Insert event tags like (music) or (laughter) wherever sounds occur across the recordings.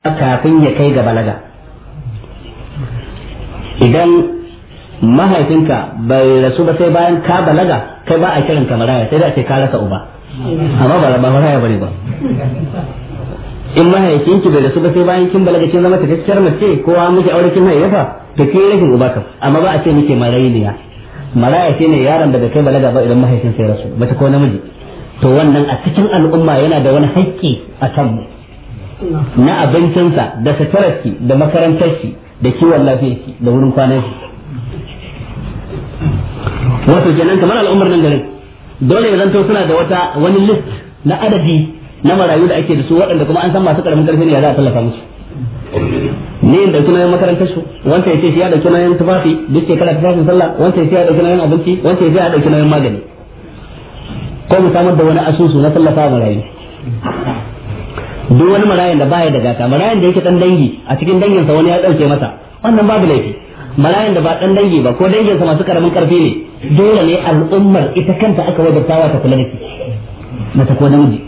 kafin ya kai ga balaga idan mahaifinka bai rasu ba sai bayan ka balaga kai ba a kiran ka maraya sai da ake ka rasa uba amma ba ba maraya bane ba in mahaifinki bai rasu ba sai bayan kin balaga kin zama tafiyar mace ko an miki aure kin haifa to kin rashin uba kam amma ba a ce miki marayiniya maraya shine yaron da bai kai balaga ba idan mahaifin sai rasu mace ko namiji to wannan a cikin al'umma yana da wani haƙƙi a kanmu na abincinsa da sitararki da makarantarki da kiwon lafiyarki da wurin kwanarki wato kenan kamar al'ummar nan garin dole ya zanto suna da wata wani list na adadi na marayu da ake da su waɗanda kuma an san masu karamin ƙarfi ne ya za a tallafa musu ne in kuma yan makarantar su wanda yace shi ya dauki nauyin tufafi duk shekara tufafin sallah wanda yace ya dauki y'an abinci wanda yace ya dauki y'an magani ko mu samar da wani asusu na tallafa marayu duk wani marayan da baya da gata marayan da yake dan dangi a cikin danginsa wani ya dauke masa wannan babu laifi marayan da ba dan dangi ba ko danginsa masu karamin karfi ne dole ne al'ummar ita kanta aka tawa ta kula da shi mata ko namiji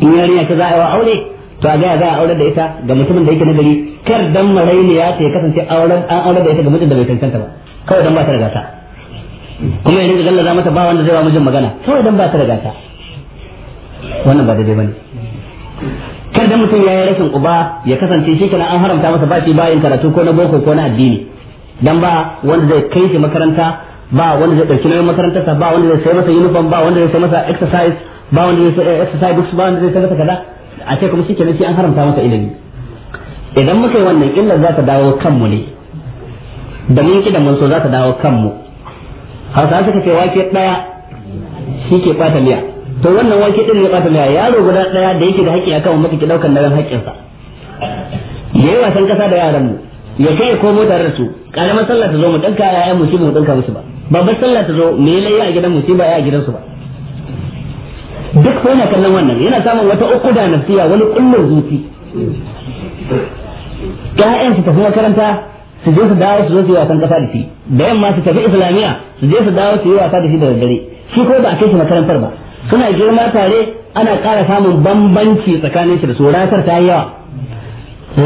in yarinya ta za a yi wa aure to a ga za a aure da ita ga mutumin da yake na gari kar dan marainiya ta ya kasance auren an aure da ita ga mutum da bai cancanta ba kawai dan ba ta daga ta kuma yanzu galla za mata ba wanda zai ba mijin magana kawai dan ba ta daga ta wannan ba daidai bane kada mutum ya yi rashin uba ya kasance shi kana an haramta masa ba shi bayin karatu ko na boko ko na addini dan ba wanda zai kai shi makaranta ba wanda zai ɗauki nauyin makarantarsa ba wanda zai sai masa uniform ba wanda zai sai masa exercise ba wanda zai exercise books ba wanda zai sai masa kaza a ce kuma shikenan shi an haramta masa ilimi idan muka yi wannan illa za ta dawo kanmu ne da mun ki da mun so za ta dawo kanmu hausa suka ce wake daya shi ke bata miya to wannan wake din ya bata ya yaro guda daya da yake da haƙƙi akan ummaka ki daukan daren haƙƙin sa yayi wasan kasa da yaran mu ya kai ko mota da su karamar sallah ta zo mu danka ya mu shi mu danka musu ba babbar sallah ta zo me laye a gidan ba ya a gidan su ba duk ko na kallon wannan yana samun wata uku da nafiya wani kullun zuci Ya'yan su tafi makaranta su je su dawo su zo su yi wasan kasa da shi da yamma su tafi islamiya su je su dawo su yi wasa da shi da daddare shi ko ba a kai shi makarantar ba suna girma tare ana ƙara samun bambanci tsakanin su da su ratar ta yi yawa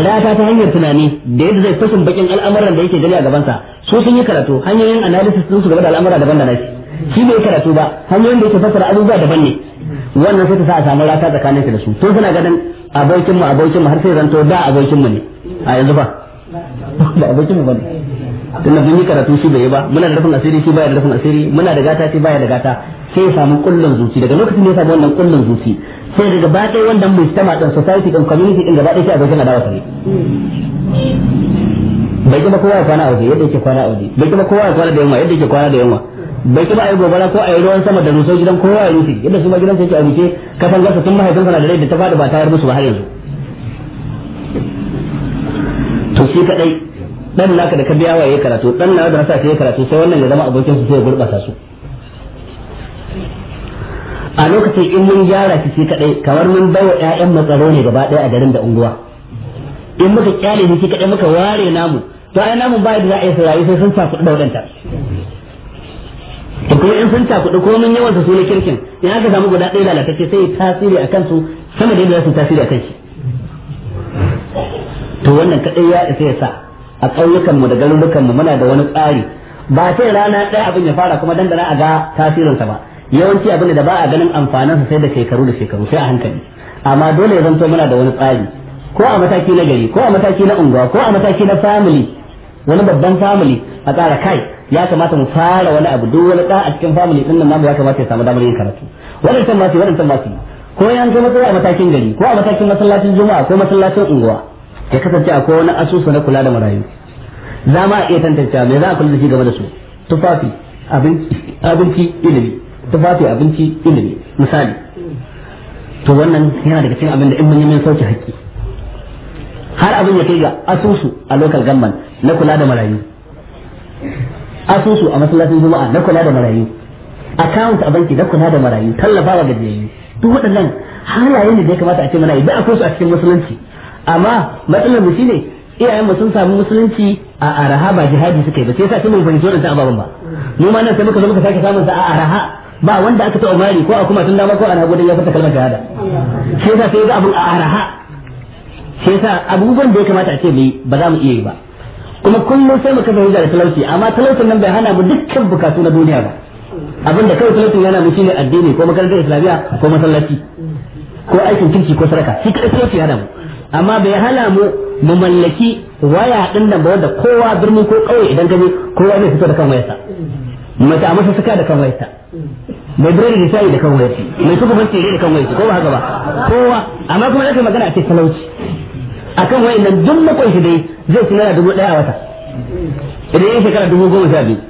rata ta hanyar tunani da yadda zai fashin bakin al'amuran da yake gani a gabansa su sun yi karatu hanyoyin analysis sun su gaba da al'amura daban da nashi shi bai karatu ba hanyoyin da yake fassara abubuwa daban ne wannan sai ta sa a samu rata tsakanin su da su to suna ganin abokin mu abokin mu har sai zanto da abokin mu ne a yanzu ba da abokin mu ne tunda mun yi karatu shi bai ba muna da rufin asiri shi baya da rufin asiri muna da gata shi baya da gata sai ya samu kullun zuci daga lokacin da ya samu wannan kullun zuci sai daga ba mu wannan tama din society din community din gaba ɗaya sai a zaukin adawa sai bai kuma kowa ya kwana a waje yadda yake kwana a waje bai kuma kowa ya kwana da yunwa yadda yake kwana da yunwa bai kuma ayi gobara ko ayi ruwan sama da rusau gidan kowa ya rufe yadda su ma gidan sai ke a rufe kafan gasa tun mahaifinsa na da rai da ta faɗi ba tayar musu ba har yanzu to shi kadai dan naka da ka biya wa karatu dan naka da rasa yayi karatu sai wannan ya zama abokin su sai ya gurbata su a lokacin in mun gyara shi shi kadai kamar mun bawa wa ƴaƴan matsaro ne gaba ɗaya a garin da unguwa in muka kyale shi kadai muka ware namu to ai namun ba da za a yi sai sun sa kuɗi da wadanta to kuma in sun ta ko mun yawan su su ne kirkin in aka samu guda ɗaya lalatacce sai tasiri a kansu sama da yadda za su tasiri a kanshi to wannan kadai ya isa ya sa a ƙauyukan mu da garurukanmu muna da wani tsari ba sai rana ɗaya abin ya fara kuma dandana a ga tasirinsa ba yawanci abin da ba a ganin amfaninsa sai da shekaru da shekaru sai a hankali amma dole ya zanto muna da wani tsari ko a mataki na gari ko a mataki na unguwa ko a mataki na family wani babban family a tsara kai ya kamata mu fara wani abu duk wani ɗa a cikin family ɗin nan namu ya kamata ya samu damar yin karatu waɗancan masu waɗancan masu ko yan zama a matakin gari ko a matakin masallacin juma'a ko masallacin unguwa ya kasance akwai wani asusu na kula da marayu za ma iya tantance me za a kula da shi game da su tufafi abinci ilimi tufafi abinci ilimi misali to wannan yana daga cikin abin da in mun yi mun sauke haƙƙi har abin ya kai ga asusu a local government na kula da marayu asusu a masallacin juma'a na kula da marayu account a banki na kula da marayu tallafawa gajiyayyu duk waɗannan halaye ne da ya kamata a ce mana idan akwai su a cikin musulunci amma matsalar mu shine iyayen mu sun samu musulunci a araha ba jihadi suka yi ba sai sa kuma ban a da ababan ba mu ma nan sai muka zo muka sake samun sa a araha ba wanda aka taɓa mari ko a kuma tun dama ko ana gudun ya fata kalmar jihada sai sa sai ga abun a araha sai sa abubuwan da ya kamata a ce mai ba za mu iya yi ba kuma kullum sai muka fahimta da talauci amma talaucin nan bai hana mu dukkan bukatu na duniya ba abin da kawai talaucin yana mu shine addini ko makarantar islamiyya ko masallaci ko aikin kirki ko saraka shi kadai talauci yana mu amma bai hala mu mu mallaki waya din nan ba wanda kowa birni ko kauye idan ka je kowa ne fito da kan wayarsa mace a masa suka da kan wayarsa mai birni da shayi da kan wayarsa mai suka fanci da kan wayarsa ko ba haka ba kowa amma kuma da kai magana a ce talauci akan wayannan duk makon shi dai zai ci naira dubu daya a wata idan yin shekara dubu goma sha biyu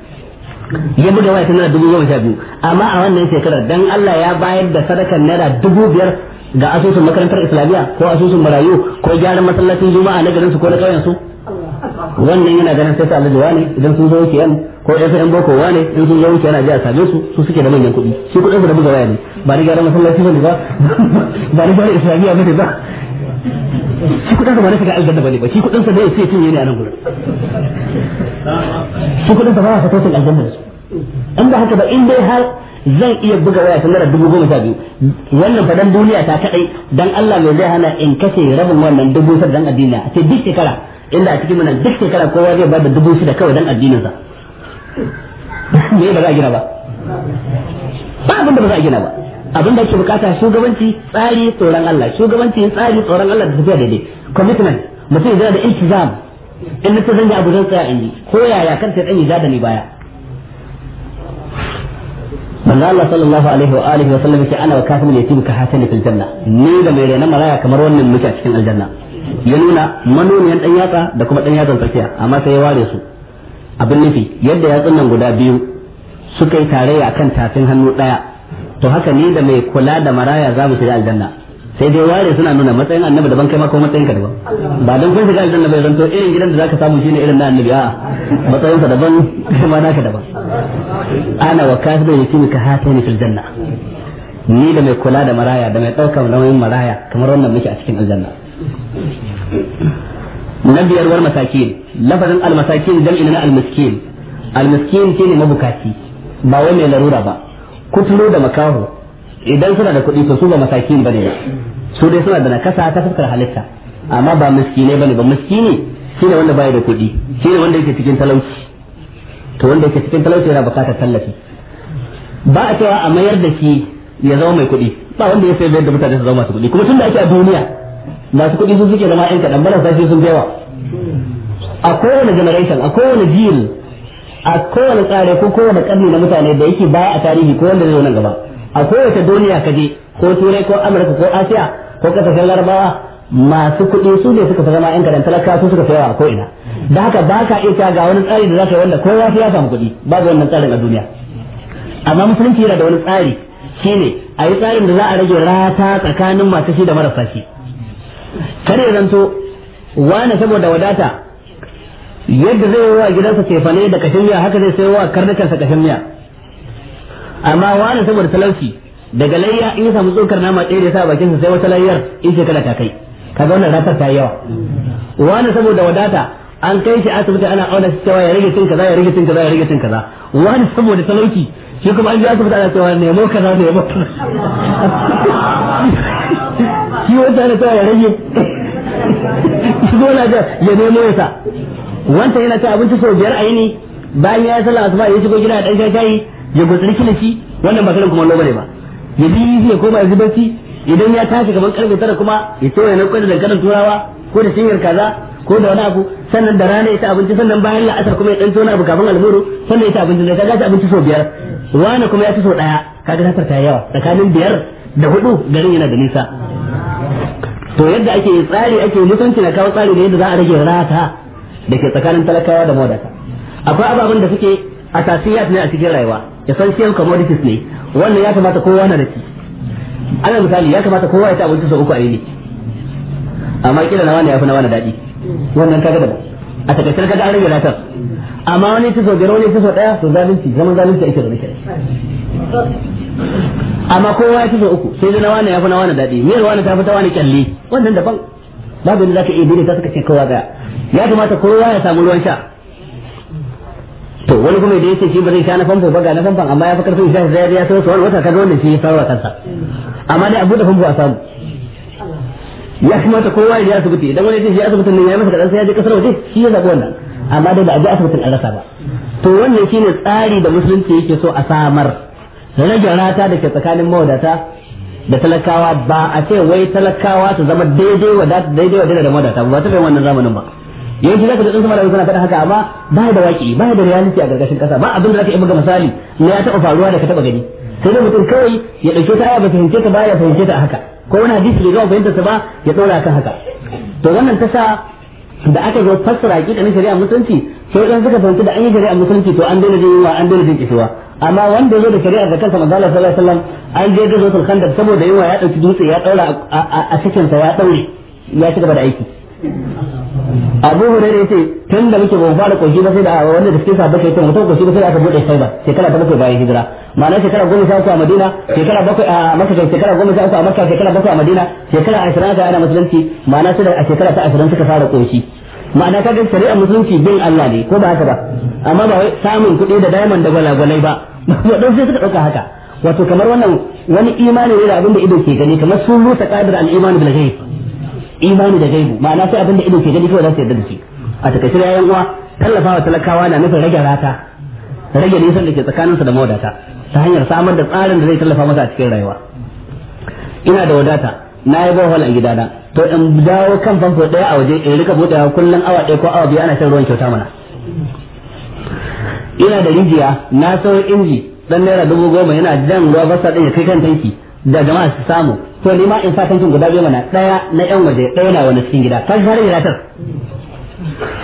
ya buga waya ta naira dubu goma sha biyu amma a wannan shekarar dan Allah ya bayar da sadakar naira dubu biyar ga asusun makarantar islamiyya ko asusun marayu ko gyaran masallacin juma'a na garinsu ko na ƙauyensu wannan yana ganin sai ta Allah ne idan sun zo yake yan ko ɗan ɗan boko ne in sun zo yake yana jiya a same su su suke da manyan kuɗi shi kuɗin su da buga waya ne ba ni gyaran masallaci bane ba (laughs) ba ni gyaran islamiyya bane ba shi kuɗin sa ba na shiga aljanna ne ba shi kuɗin sa da sai cinye ne a nan gurin shi kuɗin sa ba sa fatan aljanna da su an ba haka ba in dai har zan iya buga waya ta naira dubu goma sha biyu wannan fadan duniya ta kadai dan Allah mai zai hana in kace rabin wannan dubu sa dan addini a ce duk shekara inda a cikin wannan duk shekara kowa zai ba da dubu shida kawai dan sa. me ba za a gina ba ba abin da ba za a gina ba abin da ke bukata shugabanci tsari tsoron Allah shugabanci tsari tsoron Allah da tafiya daidai commitment mutum yana da iltizam in na ta zanga abu zan tsaya in yi ko yaya kan sai dan yi zada ni baya manzo Allah sallallahu alaihi wa alihi wa sallam yake ana wa kafin yatim ka hasani fil janna ni da mai rena maraya kamar wannan muke a cikin aljanna ya nuna manoniyan dan yatsa da kuma dan yatsan tsakiya amma sai ya ware su abin nufi yadda yatsun nan guda biyu suka yi tarayya akan tafin hannu daya to haka ni da mai kula da maraya za mu shiga aljanna sai dai ware suna nuna matsayin annabi daban kai ma ko matsayin ka daban ba dan kun shiga aljanna bai zanto irin gidan da zaka samu shine irin na annabi a matsayin sa daban kai ma naka daban ana wa kafirin yakini ka hatani fil janna ni da mai kula da maraya da mai daukar nauyin maraya kamar wannan muke a cikin aljanna na biyar war masakin lafazin al masakin jam'i na al miskin al miskin shine mabukaci ba wai mai larura ba kuturu da makaho idan suna da kuɗi to su ba masakin bane su dai suna da nakasa ta fuskar halitta amma ba miskine bane ba shi ne wanda baya da kuɗi ne wanda yake cikin talauci to wanda yake cikin talauci yana bukatar tallafi ba a cewa a mayar da shi ya zama mai kuɗi ba wanda ya sayar da mutane su zama masu kuɗi kuma tunda ake a duniya masu kuɗi sun suke zama 'yan kaɗan bana sashi sun yawa a kowane generation a kowane jil a kowane tsare ko kowane ƙarni na mutane da yake baya a tarihi ko wanda zai nan gaba a kowace duniya ka je ko turai ko amurka ko asiya ko kasashen larabawa masu kuɗi su ne suka zama yan kadan talaka su suka sayawa ko ina da haka ba ka iya ga wani tsari da za ka yi wanda kowa ya samu kuɗi babu wannan tsarin a duniya amma musulunci yana da wani tsari shine a yi tsarin da za a rage rata tsakanin masu shi da marasa shi kare zanto wani saboda wadata yadda zai yi wa gidansa cefane da kashin miya haka zai sayo wa karnukansa kashin miya amma wani saboda talauci daga layya in samu tsokar nama ɗaya da sa bakin sa sai wata layyar in shekara ta kai kaga wannan ratar ta yawa wani saboda wadata an kai shi asibiti ana auna shi cewa ya rage cin kaza ya rage cin kaza ya rage cin kaza wani saboda talauci shi kuma an ji asibiti ana cewa nemo kaza nemo kaza (laughs) shi wata ana cewa ya rage (laughs) shi zo na ya nemo ya sa wanta yana ta abinci sau biyar a yini bayan ya yi sallah asuba ya shigo gida ya dan shayi ya gutsuri kilishi wannan ba karin kuma lo bane ba ya bi ya koma ya zubarci idan ya tashi kamar karfe tara kuma ya so na kwai da dankalin turawa ko da shingar kaza ko da wani abu sannan da rana ya ci abinci sannan bayan la'asar kuma ya ɗan tona abu kafin alburu sannan ya ci abinci da kaga ci abinci sau biyar wani kuma ya ci sau ɗaya kaga tasar ta yawa tsakanin biyar da hudu garin yana da nisa to yadda ake tsari ake mutunci na kawo tsari da yadda za a rage rata da ke tsakanin talakawa da mawadata akwai ababen da suke a asasiyat ne a cikin rayuwa essential commodities ne wannan ya kamata kowa na da shi ana misali ya kamata kowa ya ci abinci sau uku a yini amma kila na wani ya fi na wani daɗi wannan kaga daban a takaitar kaga an rage latar amma wani ci sau biyar wani ci sau ɗaya to zalunci zaman zalunci ake zaune kai amma kowa ya ci sau uku sai na wani ya fi na wani daɗi miyar wani ta fi ta wani kyalle wannan daban babu za zaka iya ta suka ce kowa ga ya kamata kowa ya samu ruwan sha to wani kuma da yake shi ba zai sha na famfo ba ga na famfon amma ya fi karfin sha zai ya so wani wata kaga wanda shi ya sauwa kansa amma dai abu da famfo a samu ya kamata kowa ya je asibiti idan wani ya je asibitin nan ya masa kadan sai ya je kasar waje shi ya zabi wannan amma dai ba a je asibitin an rasa ba to wannan shine tsari da musulunci yake so a samar rage rata da ke tsakanin mawadata da talakawa ba a ce wai talakawa su zama daidai wadata daidai wadata da mawadata ba ta bai wannan zamanin ba yanzu zaka da dan sama da suna faɗa haka amma ba da waki ba da reality a gargashin kasa ba abin da zaka yi maka misali ne ya taba faruwa da ka taba gani sai dai mutum kawai ya dauke ta aya ba fahimce ta ba ya fahimce ta haka ko wani hadisi da gama fahimta ta ba ya dora ka haka to wannan ta sa da aka zo fassara hakikanin shari'a musulunci sai dan suka fahimci da an yi shari'a musulunci to an daina jin yunwa an daina jin kisuwa amma wanda zo da shari'a da kansa manzo Allah sallallahu alaihi wasallam an je da zotul khandar saboda yunwa ya dauki dutse ya daura a cikin sa ya daure ya ci gaba da aiki abu hurairah yace tun da muke ban fara kwanci ba sai da wanda da suke sabba kai mutum kwanci ba sai aka bude sai ba shekara ta bakwai bayan hijira ma'ana shekara goma sha uku a madina shekara bakwai a makka shekara goma sha uku a makka shekara bakwai a madina shekara ashirin aka ana musulunci ma'ana sai da a shekara ta ashirin suka fara kwanci ma'ana ga shari'a musulunci bin Allah ne ko ba haka ba amma ba wai samun kuɗi da diamond da gwalagwalai ba don (laughs) sai suka ɗauka haka wato kamar wannan wani imani ne da abin da ido ke gani kamar sun rusa qadir al-iman bil ghaib imani da gaibu ma'ana sai abinda ido ke gani kawai za su yarda da shi a takaice da yayan uwa tallafawa talakawa na nufin rage rata rage nisan da ke tsakaninsa da mawadata ta hanyar samar da tsarin da zai tallafa masa a cikin rayuwa ina da wadata na yi bohol a gidana to in dawo kan famfo daya a waje in rika buɗewa kullun awa daya ko awa biyu ana shan ruwan kyauta mana ina da rijiya na sayo inji dan naira dubu goma yana jan ruwa basa ɗin ya kai kan tanki da jama'a su samu to ni ma in sa tantin guda biyu mana daya na yan waje daya na wani cikin gida kan fara tar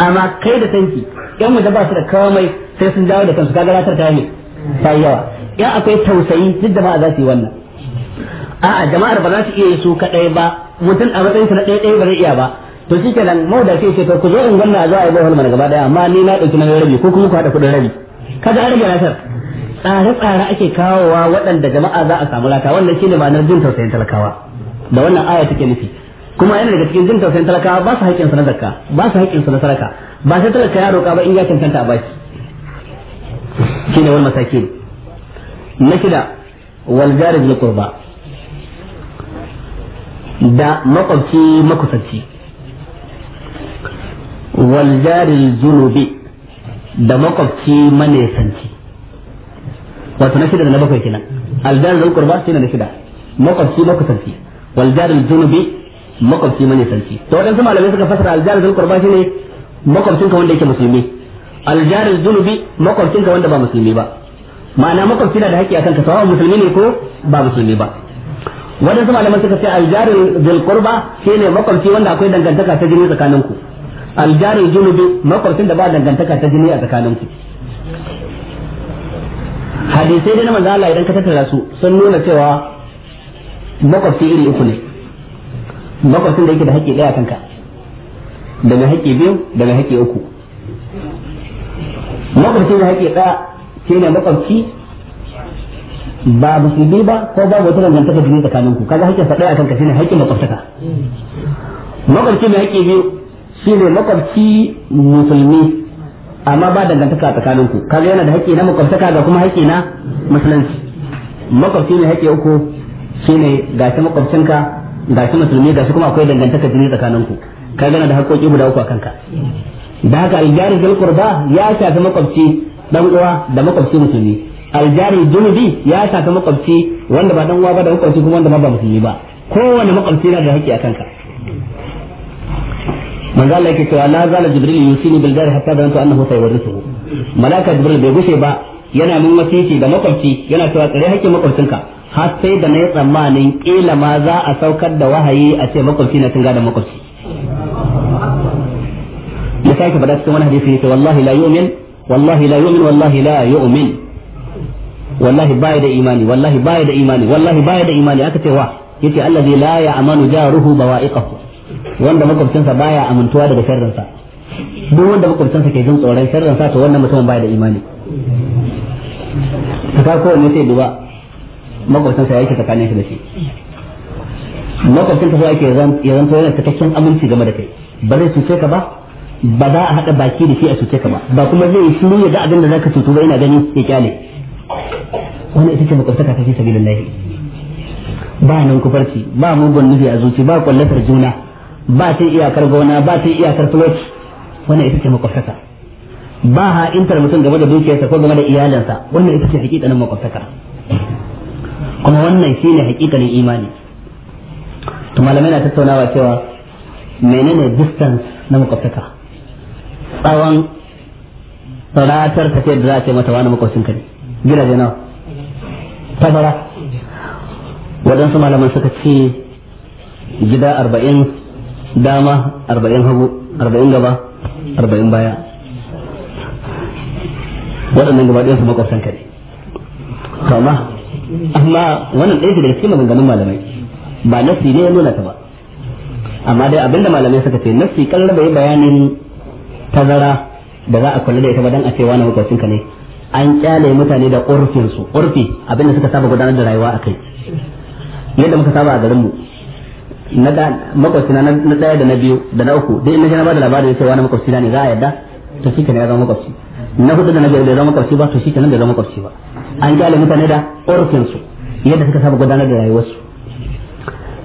amma kai da tanki yan waje ba su da kawai sai sun dawo da kansu kaga ratar ta yi ta yawa ya akwai tausayi duk da ba za su yi wannan a'a jama'ar ba za su iya yi su kadai ba mutum a matsayin su na ɗaya ɗaya ba zai iya ba to shi ke nan mawada sai ce to ku zo in gwamna za a yi bohol mana gaba daya amma ni na ɗauki na rabi ko kuma ku haɗa kuɗin rabi kaga an rage tar tsare-tsare ake kawowa waɗanda jama'a za a samu rata wannan shine ma'anar jin tausayin talakawa da wannan aya take nufi kuma yana daga cikin jin tausayin talakawa ba su su na zakka ba su su na saraka ba sai talaka ya roƙa ba in ya cancanta a baki shine wal masakin na shida wal jarib na qurba da makwabci makusanci wal jaril junubi da makwabci manesanci wato na shida da na bakwai kenan aljar da ukurba shine na shida makwabci makwabci wal jar al junubi makwabci mane sarki to waɗansu malamai suka fasara aljar da shi shine makwabcinka wanda yake musulmi aljar da junubi makwabcinka wanda ba musulmi ba ma'ana makwabci na da haƙƙi akan ka sawa musulmi ne ko ba musulmi ba su malamai suka ce aljar al shi shine makwabci wanda akwai dangantaka ta jini tsakaninku aljar al junubi makwabcin da ba dangantaka ta jini a tsakaninku hadisai da na manzo Allah idan ka tattara su sun nuna cewa makwabci iri uku ne makwabcin da yake da haƙƙi ɗaya kanka daga mai haƙƙi biyu da mai haƙƙi uku makwabci da haƙƙi ɗaya shi ne makwabci ba biyu ba ko ba wata dangantaka jini tsakanin ku kaga haƙƙin ɗaya kanka shine ne haƙƙin makwabtaka makwabci mai haƙƙi biyu shine ne makwabci musulmi amma ba dangantaka tsakanin ku kaga yana da haƙƙi na makwabtaka ga kuma haƙƙi na musulunci makwabci ne haƙƙi uku shine ga shi makwabcinka ga shi musulmi ga shi kuma akwai dangantaka jini tsakanin ku kaga yana da haƙƙoƙi guda uku a kanka da haka aljari zal qurba ya shafi makwabci dan uwa da makwabci musulmi aljari junubi ya shafi makwabci wanda ba dan uwa ba da makwabci kuma wanda ba musulmi ba kowane makwabci yana da haƙƙi a kanka manzo Allah yake cewa la zala jibril yusini bil jari hatta zanto annahu sayawrisuhu malaka jibril bai gushe ba yana min wasiki da makwabci yana cewa tsare hakkin makwabcinka har sai da na tsammanin kila ma za a saukar da wahayi a ce makwabci na tunga da makwabci ya sake faɗa cikin wani hadisi yake wallahi la yu'min wallahi la yu'min wallahi la yu'min wallahi baya da imani wallahi baya da imani wallahi baya da imani aka ce wa yace allazi la ya'manu jaruhu bawa'iqahu wanda makwabcinsa baya amintuwa daga sharrinsa duk wanda makwabcinsa ke jin tsoron sharrinsa to wannan mutumin baya da imani ta ka kowanne sai duba makwabcinsa ya yake tsakanin shi da shi makwabcinsa sai ake yanzu zanto yana cikakken aminci game da kai ba zai cuce ka ba ba za a haɗa baki da shi a cuce ka ba ba kuma zai yi ne ya ga abin da zaka cutu ba ina gani ya kyale wani ita ce makwabtaka ta fi sabilillahi ba nan kufarci ba mugun nufi a zuci ba kwallatar juna ba ta iyakar gona ba ta iyakar talauci wannan ita ce makwabtaka ba ha'intar mutum game da dukiyarsa ko game da iyalinsa wannan ita ce hakikanin makwabtaka kuma wannan shine hakikanin imani to malamai na tattaunawa cewa menene distance na makwabtaka tsawon tsaratar ta da za a ce mata wani makwabcinka ne gidaje nawa tabara waɗansu malaman suka ce gida arba'in dama arba'in hagu arba'in gaba arba'in baya waɗannan gaba ɗaya su makwabtan kare kama amma wannan ɗaya daga cikin maganganun malamai ba nasi ne ya nuna ta ba amma dai abinda malamai suka ce nasi kallon bai bayanin tazara da za a kula da ita ba dan a ce wani makwabcin ka ne an kyale mutane da ƙorfinsu ƙorfi abinda suka saba gudanar da rayuwa a kai yadda muka saba a garin mu na da makwasina na na daya da na biyu da na uku dai in na ba da labarin cewa na makwasina ne za a yadda to shi kenan ya zama makwasi na hudu da na biyar da zama makwasi ba to shi kenan da zama makwasi ba an kyale mutane da orfin su yadda suka saba gudanar da rayuwarsu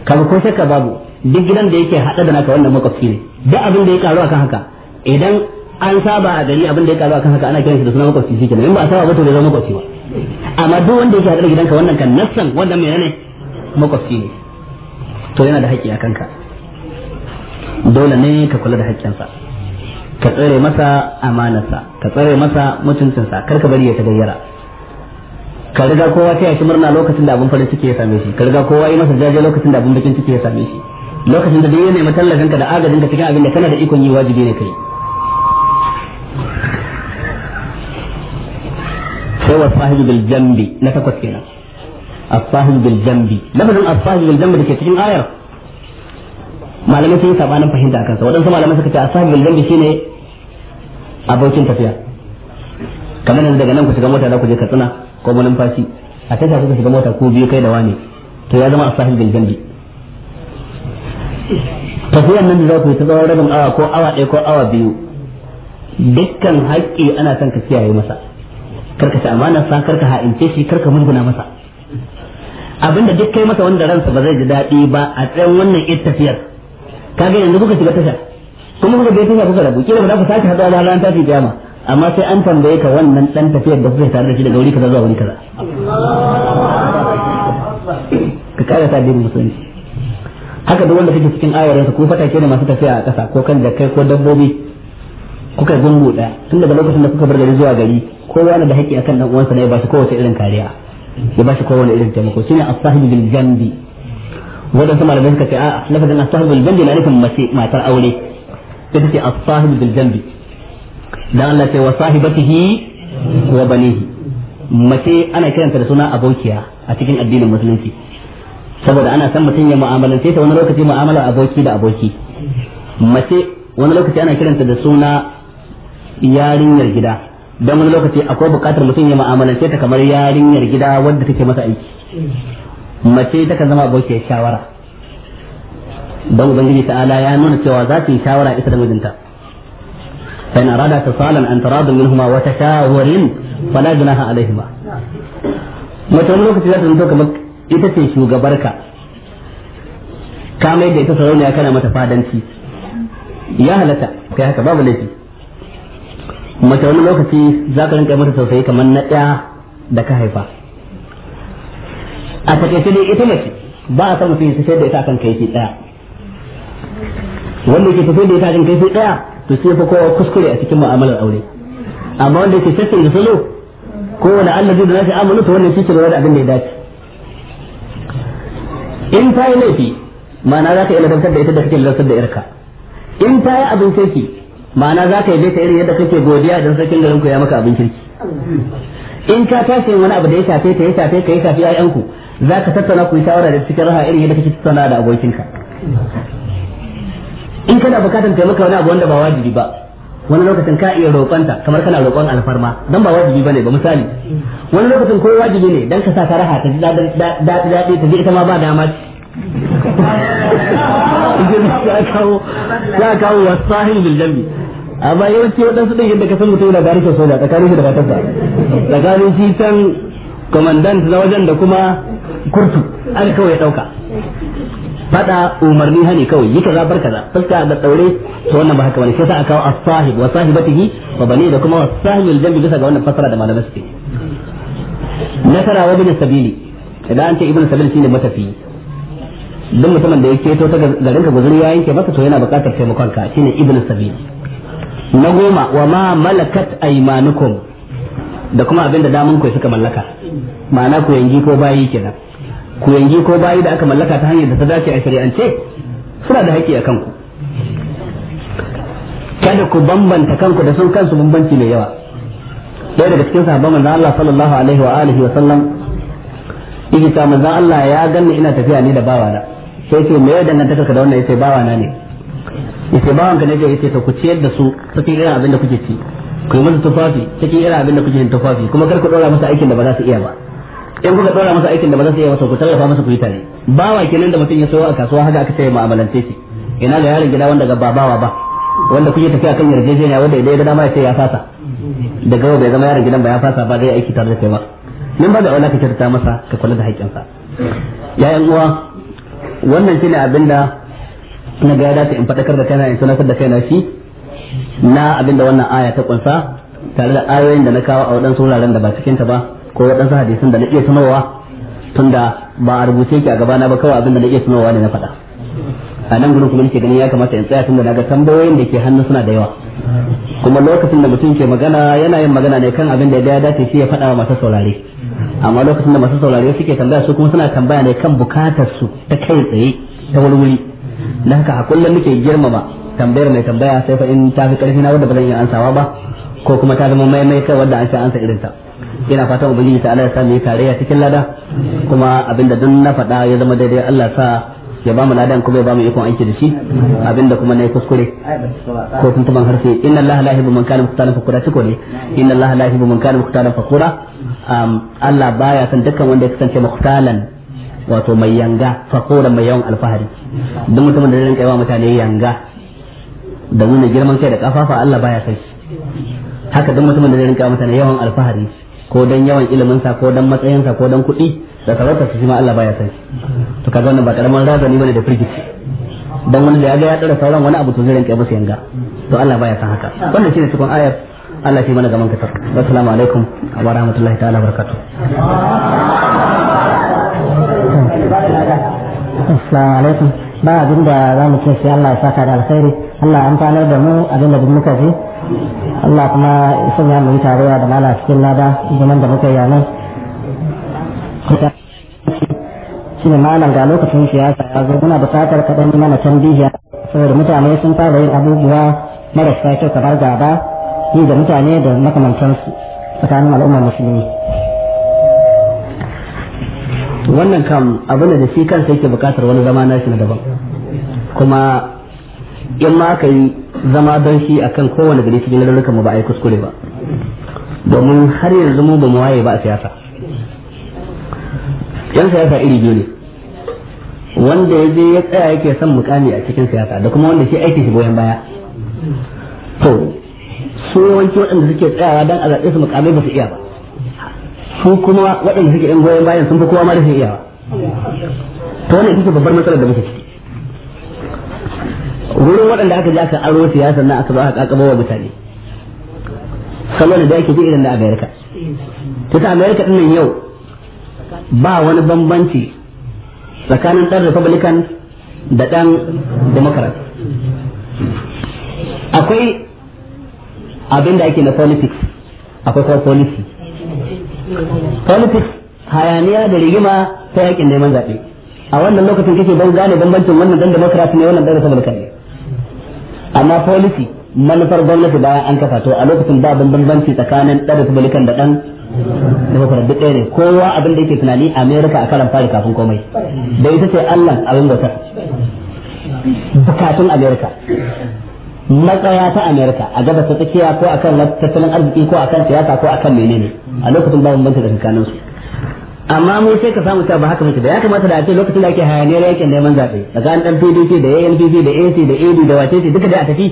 kaga ko shakka babu duk gidan da yake hada da naka wannan makwasi ne duk abin da ya karu akan haka idan an saba a gari abin da ya karu akan haka ana kiran shi da suna makwasi shi kenan in ba a saba ba to da zama makwasi ba amma duk wanda yake hada da gidanka wannan kan nassan wannan menene makwasi ne to yana da haƙƙi a kanka dole ne ka kula da haƙƙinsa ka tsare masa amanarsa ka tsare masa mutuncinsa kar ka bari ya tagayyara ka riga kowa ta yaki murna lokacin da abin farin ciki ya same shi ka riga kowa yi masa jaje lokacin da abin bakin ciki ya same shi lokacin da dai ya nemi tallafin ka da agajin ka cikin abin da kana da ikon yi wajibi ne kai sai wa sahibi bil jambi na takwas kenan afahim bil dambi lafazin afahim bil dambi dake cikin ayar malamai sun yi sabanin fahimta akan sa waɗansu malamai suka ce afahim bil dambi shine abokin tafiya kamar yanzu daga nan ku shiga mota za ku je Katsina ko manumfashi a tasha kuka shiga mota ko biyu kai da wani to ya zama afahim bil dambi tafiyan nan da za ku yi ta zama ragin awa ko awa ɗaya ko awa biyu dukkan haƙƙi ana son ka kiyaye masa karka ci sa karka ha'ince shi karka munguna masa abinda duk kai masa wanda ransa ba zai ji daɗi ba a tsayin wannan ita tafiyar kaga yanzu kuka shiga tasha kuma kuka bai tasha kuka rabu kila ba za ku sake haɗuwa ranar tafi kiyama amma sai an tambaye ka wannan dan tafiyar da kuka tare da shi daga wuri kaza zuwa wuri kaza ka kare ta dinin musulunci haka duk wanda kake cikin ayarinsa ko ke da masu tafiya a ƙasa ko kan da kai ko dabbobi kuka gungu ɗaya tun daga lokacin da kuka bar gari zuwa gari kowa na da haƙƙi akan dan uwansa ne ba shi kowace irin kariya ya bashi kowane irin taimako shine as-sahibu bil jambi wadan sama da suka ce a lafazin as bil jambi na nufin mace matar aure ta ce as-sahibu bil jambi dan Allah ce wa sahibatihi wa banihi mace ana kiranta da suna abokiya a cikin addinin musulunci saboda ana san mutum ya mu'amalance ta wani lokaci mu'amala aboki da aboki mace wani lokaci ana kiranta da suna yarinyar gida don wani lokaci akwai buƙatar mutum ya ma'amalance ta kamar yarinyar gida wadda take masa aiki mace ta kan zama abokiyar shawara don ubangiji ta'ala ya nuna cewa za su yi shawara ita da mijinta فإن أرادا اتصالا أن wata منهما وتشاور فلا alaihi ba mace wani lokaci za ta zanto kamar ita ce shugabarka ka mai da ita sarauniya kana mata fadanci ya halatta kai haka babu laifi mace wani lokaci za ka rinka mata tausayi kamar na ɗaya da ka haifa a takaice dai ita mace ba a san mutum ya tafiyar da ita kai kaifi ɗaya wanda ke tafiyar da ita kai kaifi ɗaya to sai fa kowa kuskure a cikin mu'amalar aure amma wanda ke sassan da salo ko wani Allah zai da nashi amalu to wannan shi ke da abin da ya dace in ta yi laifi ma'ana za ka iya lantarkar da ita da kake lantarkar da irka in ta yi abin sai ma'ana za ka yi ta irin yadda kake godiya don sarkin garin ku ya maka abin kirki in ka tashi wani abu da ya shafe ta ya shafe ka ya shafe ƴaƴanku za ka tattauna ku yi shawara da cikin raha irin yadda kake tattauna da abokinka in kana bukatar taimaka wani abu wanda ba wajibi ba wani lokacin ka iya roƙonta kamar kana roƙon alfarma dan ba wajibi bane ba misali wani lokacin ko wajibi ne dan ka sa ta raha ta ji daɗi daɗi ta ji ita ma ba dama (laughs) za a kawo wasu sahihin bil amma yawanci waɗansu ɗin yadda ka san mutum yana barikin soja tsakanin shi da matarsa tsakanin shi can commandant na wajen da kuma kurtu an kawai ɗauka fada umarni hani kawai yi kaza bar kaza fuska da ɗaure to wannan ba haka bane sai sa a kawo as-sahib wa sahibatihi wa bani da kuma as-sahib al-jambi bisa ga wannan fasara da malamai suke nasara wa bin sabili idan an ce ibn sabil shine matafi duk mutumin da yake to ta garin ka guzuri ya yanke masa to yana buƙatar taimakon ka shine ibin sabili na goma wa ma malakat aymanukum da kuma abinda damun ku suka mallaka ma'ana ku yangi ko bayi kenan ku yangi ko bayi da aka mallaka ta hanyar da ta dace a shari'ance suna da haƙƙi a kanku kada ku bambanta kanku da sun kansu bambanci mai yawa ɗaya daga cikin sahabban manzo Allah sallallahu alaihi wa alihi wa sallam yake ta manzo Allah ya ganni ina tafiya ne da bawana sai ce me ya dangantaka da wannan yace bawana ne yace bawan ka naje yace to ku ciyar da su cikin irin abin da kuke ci ku yi musu tufafi cikin irin abin da kuke yin tufafi kuma kar ku dora masa aikin da ba za su iya ba in kuka dora masa aikin da ba za su iya masa ku tallafa masa ku yi tare bawa kenan da mutum ya so a kasuwa haka aka ce mu'amalance shi ina ga yaron gida wanda ga bawa ba wanda kuke tafiya kan yarjejeniya wanda idan ya ga dama ya ce ya fasa daga yau bai zama yaron gidan ba ya fasa ba zai aiki tare da kai ba nan ba da wani ka kyautata masa ka kula da haƙƙinsa ya'yan uwa wannan shine abin da na ga dace in fadakar da kaina in sanar da kaina shi na abinda wannan aya ta kunsa tare da ayoyin da na kawo a waɗansu wuraren da ba cikin ta ba ko waɗansu hadisin da na iya sanarwa tunda ba a rubuce ki a gabana ba kawai abinda na iya sanarwa ne na faɗa a nan gudun kuma nake ganin ya kamata in tsaya tunda ga tambayoyin da ke hannu suna da yawa kuma lokacin da mutum ke magana yana yin magana ne kan abin da ya dace shi ya faɗa wa masu saurare amma lokacin da masu saurare suke tambaya su kuma suna tambaya ne kan bukatar su ta kai tsaye ta wuri da haka kullum muke girmama tambayar mai tambaya sai fa in ta fi karfi na wanda ba zan iya ansawa ba ko kuma ta zama mai kai wanda an sha ansa irin ta ina fatan ubangiji ta Allah ya sa mu yi tarayya cikin lada kuma abinda duk na faɗa ya zama daidai Allah sa ya ba mu ladan kuma ya ba mu ikon aiki da shi abinda kuma nayi kuskure ko kun tuban harfe inna Allah la yuhibbu man kana mukhtalan fakura ciko ne inna Allah la yuhibbu man kana mukhtalan fakura Allah baya san dukkan wanda ya kasance mukhtalan wato mai yanga fako da mai yawan alfahari duk mutumin da rinka yawa mutane yanga da nuna girman kai da kafafa Allah baya sai haka duk mutumin da rinka mutane yawan alfahari ko dan yawan ilimin sa ko dan matsayin sa ko dan kuɗi da sarauta su ma Allah baya sai to kaga wannan ba karaman razani bane da firgici dan wani da ya ga ya tsara sauran wani abu to zai rinka masa yanga to Allah baya san haka wannan shine cikin ayar Allah shi mana gaman katar assalamu alaikum wa rahmatullahi ta'ala barakatuh assalamu alaikum ba abin da za mu ce sai Allah ya saka da alkhairi Allah an tanar da mu abin da muka ji Allah kuma sanya ya mun tarayya da mala cikin lada zaman da muka yi a nan shi ne malam ga lokacin siyasa ya zo muna buƙatar kaɗan mana tambiya saboda mutane sun fara yin abubuwa marasa kyau kamar gaba yi da mutane da makamantansu tsakanin al'ummar musulmi wannan kam abin da shi kansa yake bukatar wani zama nashi na daban kuma in ma aka yi zama don shi a kan kowane gari cikin lalurrukan mu ba a yi kuskure ba domin har yanzu mu ba mu waye ba a siyasa yan siyasa iri biyu ne wanda ya je ya tsaya yake son mukami a cikin siyasa da kuma wanda shi aiki shi goyon baya to su yawanci waɗanda suke tsayawa don a zaɓe su mukamai ba su iya ba su kuma waɗanda suke ɗan goyon bayan sun fi kowa ma rashin iyawa to wannan ita babbar matsalar da muke ciki wurin waɗanda aka je aka aro siyasa na aka zaka aka kakaba wa mutane salon da yake bi irin da amerika ta ta amerika ɗin yau ba wani bambanci tsakanin ɗan republican da ɗan democrat akwai abin da ake na politics akwai kuma policy politics hayaniya da rigima ta yakin neman zaɓe a wannan lokacin kake ban gane bambancin wannan dan democrat ne wannan dan republican ne amma policy manufar gwamnati ba an kafa to a lokacin ba bambanci tsakanin dan republican da dan demokrat duk ɗaya ne kowa abin da yake tunani america a karan fari kafin komai da ita ce allah abin bautar bukatun america matsaya ta america a gaba ta tsakiya ko akan tattalin arziki ko akan siyasa ko akan menene a lokacin ba bambanta da kankanin su amma mu sai ka samu ta ba haka muke da ya kamata da a ce lokacin da ake hayaniyar yakin neman zaɓe an dan PDP da ANPP da AC da AD da wacece duka da a tafi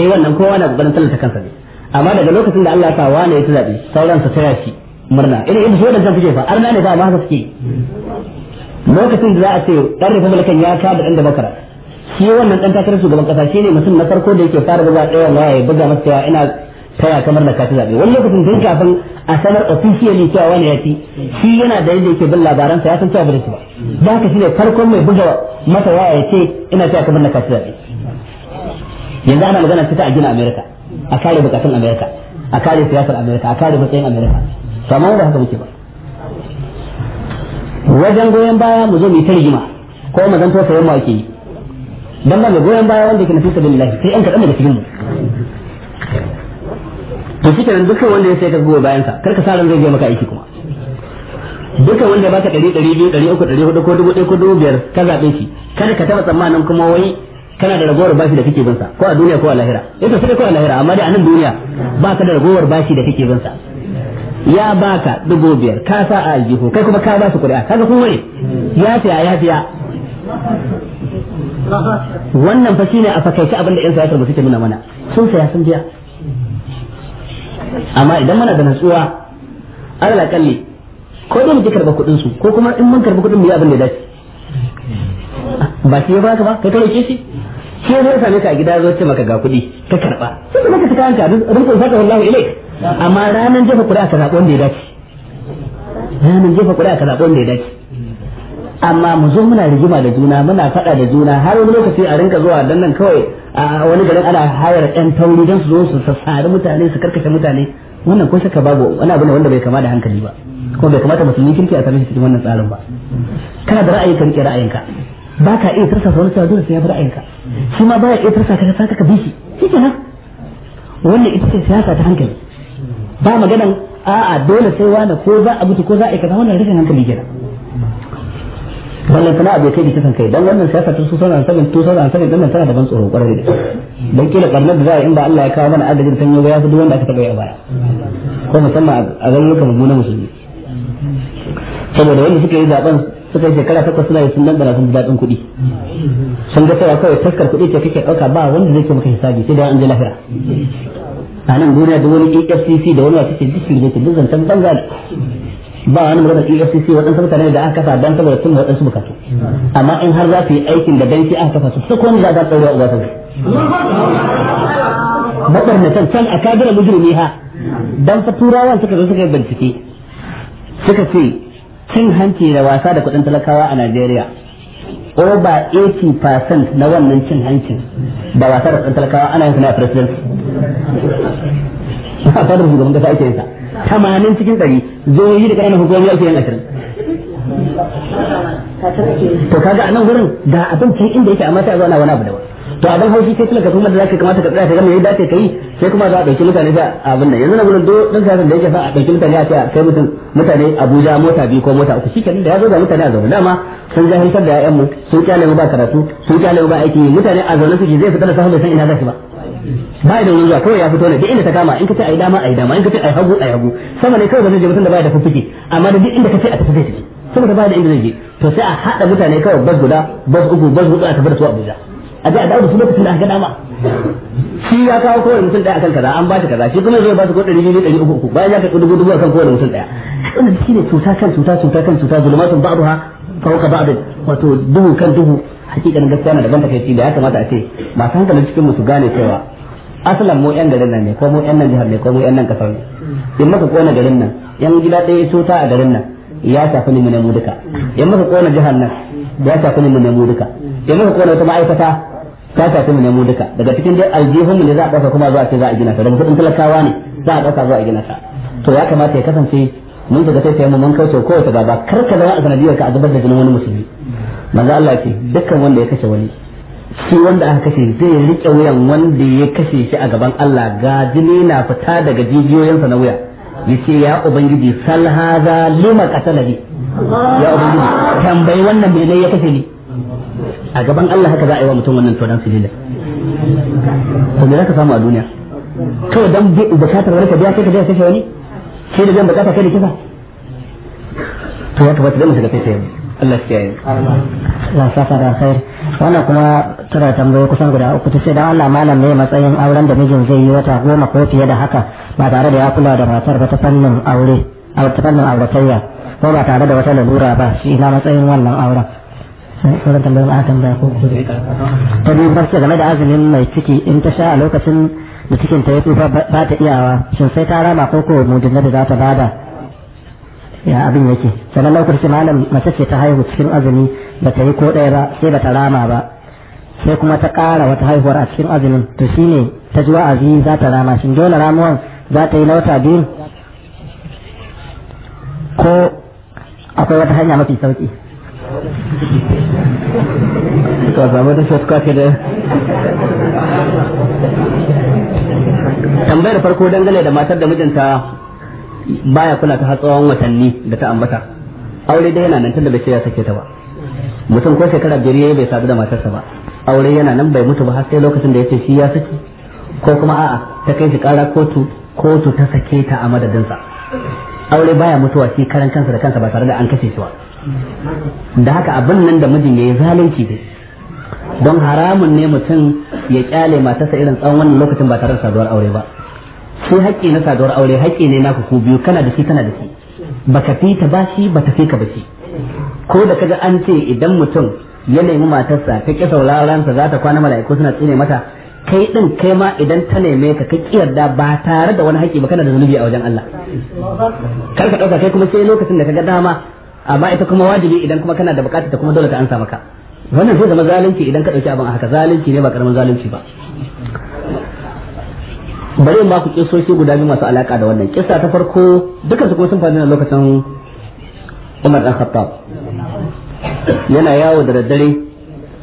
eh wannan kowa na kokarin tallata kansa ne amma daga lokacin da Allah ya sa wani ya zaɓe sauran su tsaya shi murna irin irin shodan kan fice fa arna ne ba ma haka suke lokacin da za a ce dan republican ya ka da dan democrat shi wannan dan takarar shugaban kasa shine mutum na farko da yake fara zuwa tsayawa ya buga masa ina tana kamar da kafi zabe wani lokacin tun kafin a sanar officially cewa wani yafi shi yana da yadda yake bin labaran sa ya san cewa ba shi ba da haka ne farkon mai buga masa waya ya ce ina cewa kamar da kafi zaɓe yanzu ana magana ta a gina America a kare bukatun America a kare siyasar America a kare matsayin America to amma wanda haka muke ba wajen goyon baya mu zo mu yi tarjima ko mu zanto sayan mu ake yi dan ba mu goyon baya wanda yake na fi sabilillah sai an kaɗan daga cikin mu to shi kenan dukkan wanda ya sai ka goyi bayan sa kar ka sa zai je maka aiki kuma dukkan wanda baka ɗari ɗari biyu ɗari uku ɗari hudu ko dubu ɗaya ko dubu biyar ka zaɓe shi kada ka taɓa tsammanin kuma wai kana da ragowar bashi da kake bin sa ko a duniya ko a lahira ita eh sai ko a lahira amma dai a nan duniya ba ka da ragowar bashi da kake bin sa ya baka dubu biyar ka sa a aljihu kai kuma ka ba su kuri'a kaga kun ware ya fiya ya fiya wannan fa shine a fakaice abinda da yan siyasar mu suke nuna mana sun saya sun biya amma idan muna da natsuwa Allah kalli ko dai mu ji karba kuɗin su ko kuma in mun karba kudin mu yi abin da dace ba shi ya baka ba kai kare shi shi ya zai same ka a gida zo ce maka ga kudi ka karba sai ka maka tukan ka rinka saka wallahi ilaik amma ranan jefa kuɗi ka zaɓi wanda ya dace ranan jefa kuɗi ka zaɓi wanda ya dace amma mu zo muna rigima da juna muna faɗa da juna har wani lokaci a rinka zuwa dan nan kawai a wani garin ana hayar ɗan tauri don su zo su sassari mutane su karkashe mutane wannan ko shakka babu wani abu ne wanda bai kama da hankali ba kuma bai kamata musulmi kirki a tare shi cikin wannan tsarin ba kana da ra'ayi ka rike ra'ayinka ba ka iya tarsa wani sa dole sai ya bi ra'ayinka shi ma baya iya tarsa ka ka ka bi shi shi kenan wannan ita ce siyasa ta hankali ba maganan a'a dole sai wani ko za a mutu ko za a yi kaza wannan rashin hankali kenan wannan kuma abu kai da kisan kai dan wannan siyasa ta su sanar sanin to sanar sanin dan tana da ban tsoro kwarai da dan kila karnar da za a inda Allah ya kawo mana adadin san yau ya fi duk wanda aka taba ya baya ko musamman a garuruka mu na musulmi saboda wanda suka yi zaben suka yi shekara takwas suna yi sun dan sun daɗin kuɗi sun ga cewa kawai taskar kuɗi ce kake ɗauka ba wanda zai ke maka hisabi sai da an je lahira a nan duniya da wani AFCC e da wani wasu ce duk sun zai ke duk zancen banza ba wani magana EFCC waɗansu mutane da aka kafa don saboda sun waɗansu bukatu amma in har za su yi aikin da banki aka kafa su sai kone za ta tsaura uwa ta na can a kadira mujrimi ha dan fa turawan suka zo suka yi bincike suka ce cin hanci da wasa da kuɗin talakawa a Najeriya over 80% na wannan cin hancin da wasa da kuɗin talakawa ana yin suna a president. ba ta da shugaban kasa ake yin sa tamanin cikin ɗari zoyi da ƙananan hukumomi ake yin ashirin to kaga a nan wurin ga abin can inda yake amma sai a zo wani abu daban to abin haushi sai kila ka kuma da ka kamata ka tsaya ta gama yi ya ta kai sai kuma za a ɗauki mutane da abin nan yanzu na gurin duk dan sasan da yake fa a ɗauki mutane a ce kai mutum mutane Abuja mota biyu ko mota uku shikenan da ya zo da mutane a zaune dama sun jahilkar da 'ya'yanmu sun kyale mu ba karatu sun kyale mu ba aiki mutane a zaune suke zai fita da sahun da san ina zai ba ba da wani zuwa kawai ya fito ne duk inda ta kama in ka ce ai dama ai dama in ka ce ai hagu ai hagu sama ne kawai ba zai je mutum da baya da fuffike amma da duk inda ka ce a tafi zai tafi saboda baya da inda zai je to sai a hada mutane kawai bas guda bas uku bas hudu a tafi da su Abuja a je a dawo da su lokacin da aka dama shi ya kawo kowane mutum daya akan kaza an ba shi kaza shi kuma zai ba su ko ɗari biyu ɗari uku uku bayan ya karɓi dubu dubu akan kowane mutum daya wannan shi ne cuta kan cuta cuta kan cuta zulumatun ba'duha fawqa ba'd wato duhu kan duhu hakikanin gaskiya na daban takaici da ya kamata a ce masu hankalin cikin mu gane cewa asalan mu yan garin nan ne ko mu yan nan jihar ne ko mu yan nan kasar ne in muka kona garin nan yan gida ɗaya ta a garin nan ya shafi ne mu ne mu duka in muka kona jihar nan ya shafi ne mu ne mu duka in muka kona wata ma'aikata ta shafi mu ne mu duka daga cikin dai aljihun mu ne za a ɗauka kuma zuwa ce za a gina ta daga kuɗin talakawa ne za a ɗauka zuwa a gina ta to ya kamata ya kasance mun shiga sai sai mu mun kauce kowace gaba kar ka zama a sanadiyar ka a zubar da jinin wani musulmi manzo Allah ce dukkan wanda ya kashe wani shi wanda aka kashe zai riƙe wuyan wanda ya kashe shi a gaban Allah ga jini na fita daga jijiyoyinsa na wuya yace ya ubangiji sal hadha lima qatalani ya ubangiji tambayi wannan me ne ya kashe ni a gaban Allah haka za a yi wa mutum wannan to dan sujida to me zaka samu a duniya kawai dan bukatar wani ka biya sai ka biya kashe wani shi da zan bukata kai da kisa to ya kamata da mu shiga kai sai Allah ya yi Allah saka da khair wannan kuma tana tambaye kusan guda uku ta ce dan Allah malam ne matsayin auren da mijin zai yi wata goma ko fiye da haka ba tare da ya kula da matar ba ta fannin aure a ta fannin auratayya ko ba tare da wata lalura ba shi ina matsayin wannan auren sauran tambayoyin tambaya ko ku ta biyu barce game da azumin mai ciki in ta sha a lokacin da cikin ta ya tsufa ba ta iyawa shin sai ta rama ko ko mujinnar da za ta bada ya abin yake sannan lokacin kursi malam mace ce ta haihu cikin azumi ba ta yi ko ɗaya ba sai ba ta rama ba sai kuma ta ƙara wata haihuwar a cikin azumin to shine ta ji wa'azi za ta rama shin dole ramuwan za ta yi na wata biyu ko akwai wata hanya mafi sauki to ba da ke da tambayar farko dangane da matar da mijinta baya kula ta har tsawon watanni da ta ambata aure dai yana nan tunda bai ce ya sake ta ba mutum ko shekara biyar yayi bai sadu da matarsa ba aure yana nan bai mutu ba har sai lokacin da yace shi ya saki ko kuma a'a ta kai shi kara kotu kotu ta sake ta a madadinsa aure baya mutuwa shi karan kansa da kansa ba tare da an kashe shi ba da haka abin nan da mijin yayi zalunci ne don haramun ne mutum ya kyale matarsa irin tsawon wannan lokacin ba tare da saduwar aure ba shi haƙƙi na saduwar aure haƙƙi ne naku ku biyu kana da shi kana da shi baka fi ta ba shi ta fi ka ba shi ko da kaga an ce idan mutum ya nemi matarsa ta ƙi sauraron sa za ta kwana mala'iku suna tsine mata kai din kai ma idan ta neme ka ka yarda ba tare da wani haƙƙi ba kana da zunubi a wajen Allah kar ka ɗauka kai kuma sai lokacin da ka ga dama amma ita kuma wajibi idan kuma kana da buƙatar ta kuma dole ta ansa maka wannan zai zama zalunci idan ka ɗauki abin a haka zalunci ne ba karamin zalunci ba bari in ba ku kisoshi guda biyu masu alaka da wannan Kisa ta farko dukkan su kuma sun faru ne lokacin Umar dan Khattab yana yawo da daddare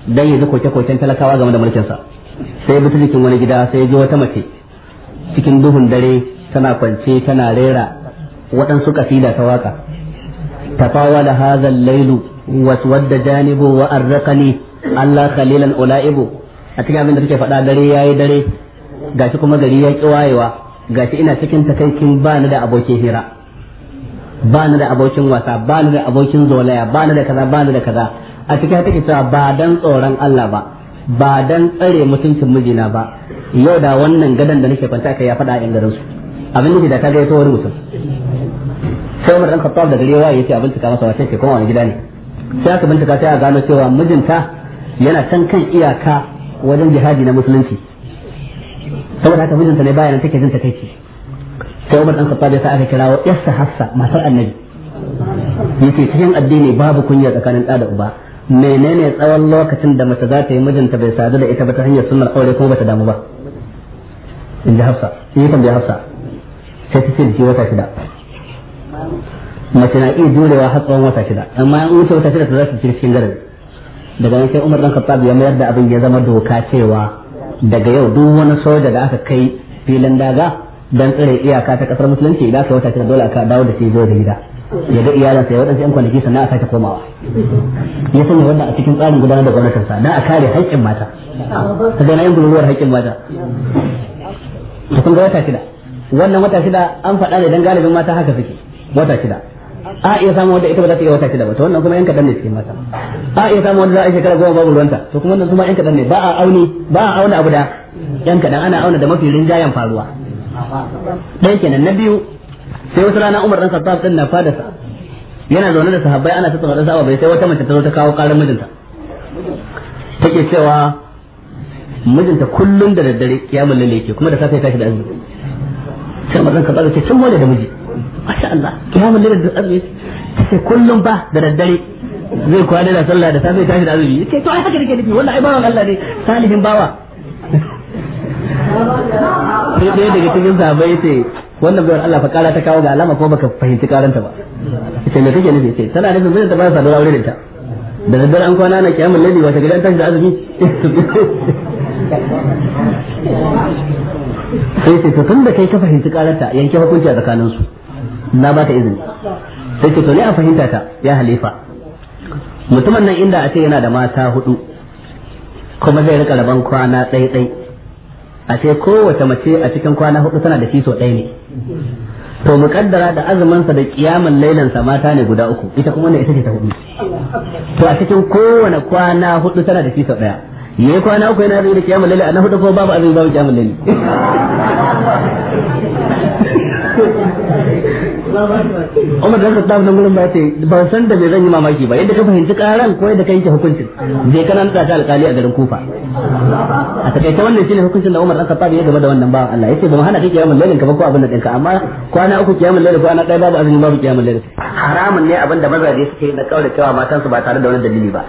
dan yi ji koke-koken talakawa game da mulkin sa sai bi cikin wani gida sai ya ji wata mace cikin duhun dare tana kwance tana rera waɗansu kasida ta waka la hadha al-lailu waswadda janibu wa arraqani Allah khalilan ulaibu a cikin abin da take faɗa dare yayi dare gashi kuma gari ya ki wayewa gashi ina cikin takaicin ba ni da abokin hira ba ni da abokin wasa ba ni da abokin zolaya ba ni da kaza ba ni da kaza a cikin take cewa ba dan tsoron Allah ba ba dan tsare mutuncin mijina ba yau da wannan gadan da nake kwanta kai ya faɗa in garin su abin da da ga ya wani mutum sai Umar dan Khattab da gari waye yace abin tuka masa wace ke kuma wani gida ne sai aka bincika sai a gano cewa mijinta yana kan kan iyaka wajen jihadi na musulunci saboda haka mijinta ne bayanan take jin takeici sai Umar dan Khattab ya sa aka kirawo yassa Hafsa matar Annabi yace cikin addini babu kunya tsakanin da da uba menene tsawon lokacin da mace za ta yi mijinta bai sadu da ita ba ta hanyar sunnar aure kuma bata damu ba in ji Hafsa yi tambaya Hafsa sai ta ce da wata shida mace na iya jurewa har tsawon wata shida amma an wuce wata shida ta za ta cikin garin daga nan sai Umar dan Khattab ya mayar da abin ya zama doka cewa daga yau duk wani soja da aka kai filin daga don tsare iyaka ta kasar musulunci idan aka wata kira dole aka dawo da shi zo da gida ya ga iyalansa ya waɗansu 'yan kwanaki sannan a sake komawa ya sanya wannan a cikin tsarin gudanar da gwamnatinsa na a kare haƙƙin mata ta gana yin bururuwar haƙƙin mata ta kun ga wata shida wannan wata shida an faɗa ne don galibin mata haka suke wata shida a iya samu wanda ita ba za ta iya wata shida ba to wannan kuma yan kadan ne suke mata a iya samu wanda za a yi shekara goma babu ruwanta to kuma wannan kuma yan kadan ne ba a auni ba a auna abu da yan kadan ana auna da mafi rinjayen faruwa dai kenan na biyu sai wasu rana Umar dan Khattab din na sa yana zaune da sahabbai ana ta da sa sai wata mace ta zo ta kawo karar mijinta take cewa mijinta kullum da daddare kiyamul lalle yake kuma da safe ya tashi da azumi sai Umar dan Khattab ya ce kin da miji masha Allah kiyamun lillah da azumi sai kullum ba da daddare zai kwana da sallah da safe tashi da azumi yake to ai haka nake nufi wallahi bawan Allah ne salihin bawa sai dai daga cikin sahabbai sai wannan bayar Allah fa kara ta kawo ga alama ko baka fahimci karanta ba sai me kake nufi sai tana nufin ta ba sa da aure da ta da daddare an kwana na kiyamun lillah wata gidan tashi da azumi sai sai to tun da kai ka fahimci karanta yanke hukunci a tsakaninsu na ba ta izini sai ce to ne a fahimta ta ya halifa mutumin nan inda a ce yana da mata hudu kuma zai rika rabon kwana ɗaya ɗai a ce kowace mace a cikin kwana hudu tana da shi ɗai ɗaya ne to mu kaddara da azumansa da kiyaman sa mata ne guda uku ita kuma ne ita ce ta hudu to a cikin kowane kwana hudu tana da shi ɗaya yayi kwana uku yana da kiyaman a na hudu ko babu azumi babu kiyaman lailan Umar dan Khattab nan gurin ba ce ban san da me zan yi mamaki ba yadda ka fahimci karan ko yadda ka yanke hukuncin je kana nada ta alkali a garin Kufa a takaice wannan shine hukuncin da Umar dan Khattab ya gaba da wannan ba Allah yace ba mu hana kai kiyamul lailin ka ba ko abin da ɗinka amma kwana uku kiyamul lailin ana ɗaya babu azumi babu kiyamul lailin haramun ne abin da mazaje suke na kaura cewa su ba tare da wani dalili ba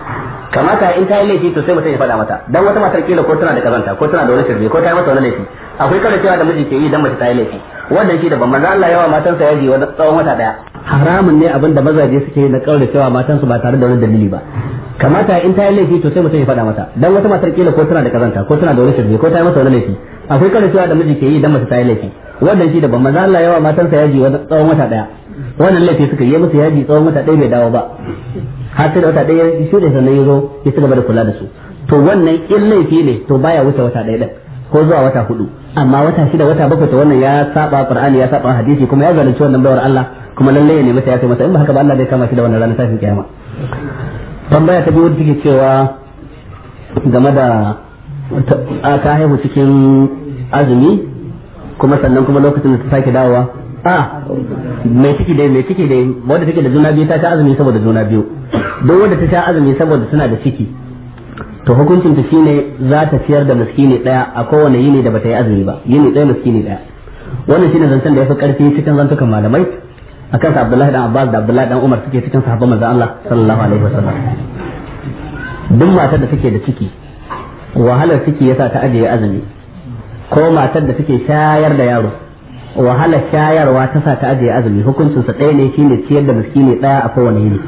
kamata in ta yi laifi to sai mutum ya faɗa mata dan wata matar kila ko tana da kazanta ko tana da wani shirme ko ta yi mata wani laifi akwai kaura cewa da miji ke yi dan mace ta yi laifi wanda yake daban manzo Allah yawa matansa yaji wani tsawon wata daya haramun ne abinda mazaje suke na kaura cewa matansu ba tare da wani dalili ba kamata in ta yi laifi to sai mutum ya faɗa mata dan wata matar kila ko tana da kazanta ko tana da wani shirme ko ta yi masa wani laifi akwai kaura cewa da miji ke yi dan mace ta yi laifi wanda yake daban manzo Allah yawa matansa yaji wani tsawon wata daya wannan laifi suka yi musu yaji tsawon wata daya bai dawo ba har sai da wata daya shi da sannan ya zo ya ci gaba da kula da su to wannan in laifi ne to baya wuce wata daya din ko zuwa wata hudu amma wata shida wata bakwai to wannan ya saba qur'ani ya saba hadisi kuma ya zalunci wannan bayar Allah kuma lalle ne mata ya kai masa in ba haka ba Allah zai kama shi da wannan ranar tashin kiyama tambaya ta biyu take cewa game da ta haihu cikin azumi kuma sannan kuma lokacin da ta sake dawowa a mai ciki dai mai ciki dai wadda take da juna biyu ta sha azumi saboda juna biyu don wadda ta sha azumi saboda suna da ciki to hukuncin ta shine za ta ciyar da miskini daya a kowane yini da bata yi azumi ba yini daya miskini daya wannan shine zancen da yafi karfi cikin zantukan malamai akan sa Abdullahi dan Abbas da Abdullahi dan Umar suke cikin sahabban manzon Allah sallallahu alaihi wasallam duk matar da take da ciki wahalar ciki yasa ta ajiye azumi ko matar da take shayar da yaro wahalar shayarwa ta sa ta ajiye azumi hukuncin sa ɗaya ne shine ciyar da miskini daya a kowane yini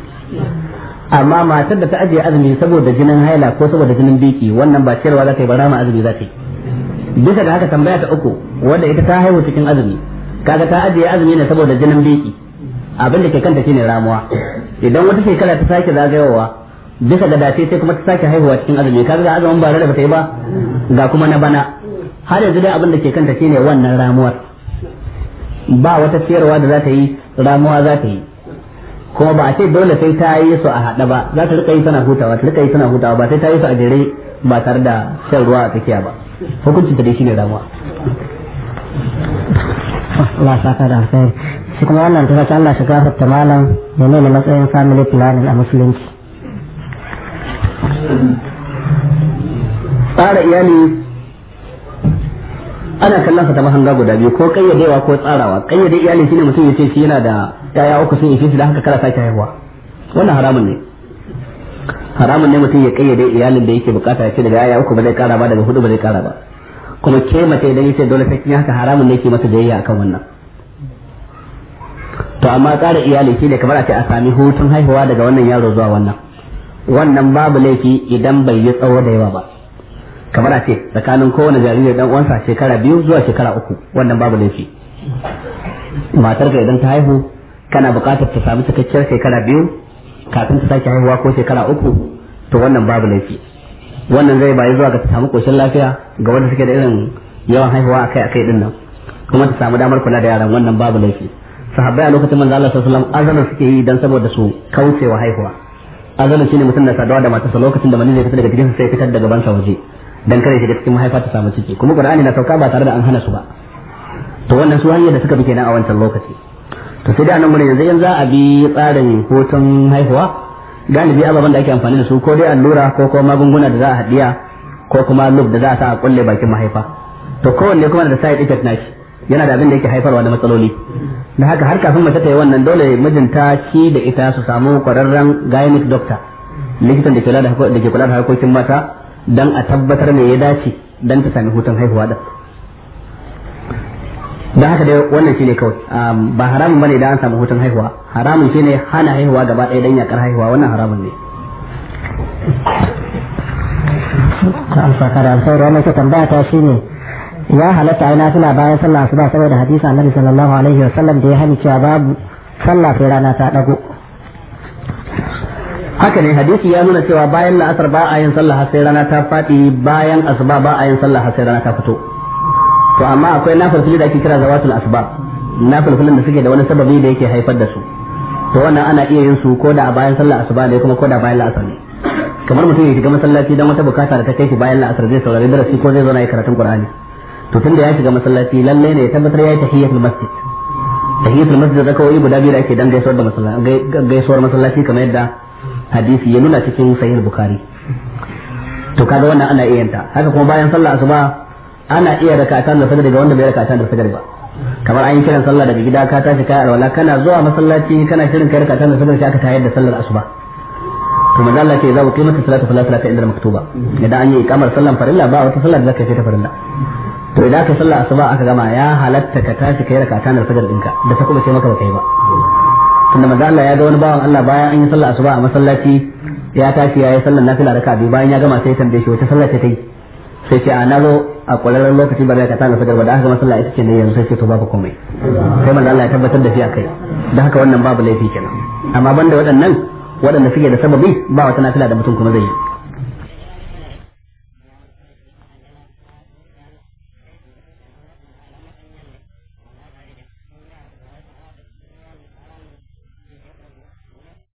amma matar da ta ajiye azumi saboda jinin haila ko saboda jinin biki wannan ba cewa za ta yi ba azumi za ta yi bisa ga haka tambaya ta uku wanda ita ta haihu cikin azumi kaga ta ajiye azumi ne saboda jinin biki abin da ke kanta shine ramuwa idan wata shekara ta sake zagayowa bisa ga dace sai kuma ta sake haihuwa cikin azumi kaga ga azumin ba da ta yi ba ga kuma na bana har yanzu dai abin da ke kanta shine wannan ramuwar ba wata ciyarwa da za ta yi ramuwa za ta yi kuma ba a ce dole sai ta yi su a haɗa ba za ta rika yi tana hutawa ta rika yi tana hutawa ba sai ta yi su a jere ba tare da shan ruwa a tsakiya ba hukuncin ta dai shine ramuwa Allah saka da alkhairi shi kuma wannan ta Allah shi gafarta malam ne matsayin family planning a musulunci tsara iyali ana kallon sa ta mahanga guda biyu ko kayyadewa ko tsarawa kayyade iyalin shine mutum yace shi yana da yaya uku sun ishe shi da haka kara sake haihuwa wannan haramun ne haramun ne mutum ya kayyade iyalin da yake bukata ya ce daga yaya uku ba zai kara ba daga hudu ba zai kara ba kuma ke mata idan yace dole sai haka haramun ne yake mata jayayya akan wannan to amma tsara iyali shine kamar a ce a sami hutun haihuwa daga wannan yaro zuwa wannan wannan babu laifi idan bai yi tsawo da yawa ba kamar a ce tsakanin kowane jarirai dan uwansa shekara biyu zuwa shekara uku wannan babu laifi matar ka idan ta haihu kana buƙatar ta sami cikakkiyar shekara biyu kafin ta sake haihuwa ko shekara uku to wannan babu laifi wannan zai bayi zuwa ga ta samu koshin lafiya ga wanda suke da irin yawan haihuwa akai akai din nan kuma ta samu damar kula da yaran wannan babu laifi sahabbai a lokacin manzo Allah sallallahu alaihi wasallam suke yi dan saboda su kaucewa haihuwa azalin shine mutum na sadawa da matarsa lokacin da mani zai fita daga gidansa sai fitar da sa waje dan kare da cikin mahaifa ta samu ciki kuma qur'ani na sauka ba tare da an hana su ba to wannan su hanyar da suka bi kenan a wancan lokaci to sai da nan gurin yanzu yanzu a bi tsarin hoton haihuwa galibi ababen da ake amfani da su ko dai allura ko kuma magunguna da za a hadiya ko kuma lub da za a sa a kulle bakin mahaifa to kowanne kuma da side effect nashi yana da abin da yake haifarwa da matsaloli da haka har kafin mace ta yi wannan dole mijinta ki da ita su samu kwararren gynec doctor likitan da ke kula da harkokin mata dan a tabbatar me ya dace dan ta sami hutun haihuwa da da haka dai wannan shi ne kawai ba haramun bane idan an samu hutun haihuwa haramun shine hana haihuwa gaba ɗaya don yakar haihuwa wannan haramun ne alfakara sai ranar ta tambaya ta ne ya halatta aina suna bayan sallah su ba saboda hadisi annabi sallallahu alaihi wasallam da ya hani cewa babu sallah sai rana ta dago haka ne hadisi ya nuna cewa bayan la'asar ba a yin sallah sai rana ta fadi bayan asuba ba a yin sallah sai rana ta fito to amma akwai nafilfili da ake kira zawatul asba nafilfilin da suke da wani sababi da yake haifar da su to wannan ana iya yin su ko da a bayan sallah asuba ne kuma ko da bayan la'asar ne kamar mutum ya shiga masallaci dan wata bukata da ta kai shi bayan la'asar zai saurari darasi ko zai zo na yi karatun qur'ani to tunda ya shiga masallaci lalle ne ya tabbatar ya yi tahiyatul masjid tahiyatul masjid da kawai guda biyu da ake dan gaisuwar da masallaci gaisuwar masallaci kamar yadda hadisi ya nuna cikin sahih bukhari to kaga wannan ana iya yanta haka kuma bayan sallah asuba ana iya rakatan da daga wanda bai rakatan da sadar ba kamar an yi kiran sallah daga gida ka tashi ka alwala kana zuwa masallaci kana shirin kai rakatan da sadar sai aka tayar da sallar asuba to manzo Allah ce za ku kimanta salatu fala salata inda maktuba idan an yi ikamar sallan farilla ba wata sallar da zaka yi ta farilla to idan ka sallah asuba aka gama ya halatta ka tashi kai rakatan da sadar dinka da ta kuma ce maka baka yi ba tunda manzo Allah ya ga wani bawan Allah bayan an yi sallah asuba a masallaci ya tashi ya yi sallar nafila da biyu bayan ya gama sai ya tambaye shi wata sallah ta yi sai ce a na zo a kwararren lokaci ba zai ka tana sagar da haka masallaci ita ce ne yanzu sai ce to babu komai sai manzo Allah ya tabbatar da shi a kai da haka wannan babu laifi kenan amma banda waɗannan waɗanda suke da sababi ba wata nafila da mutum kuma zai yi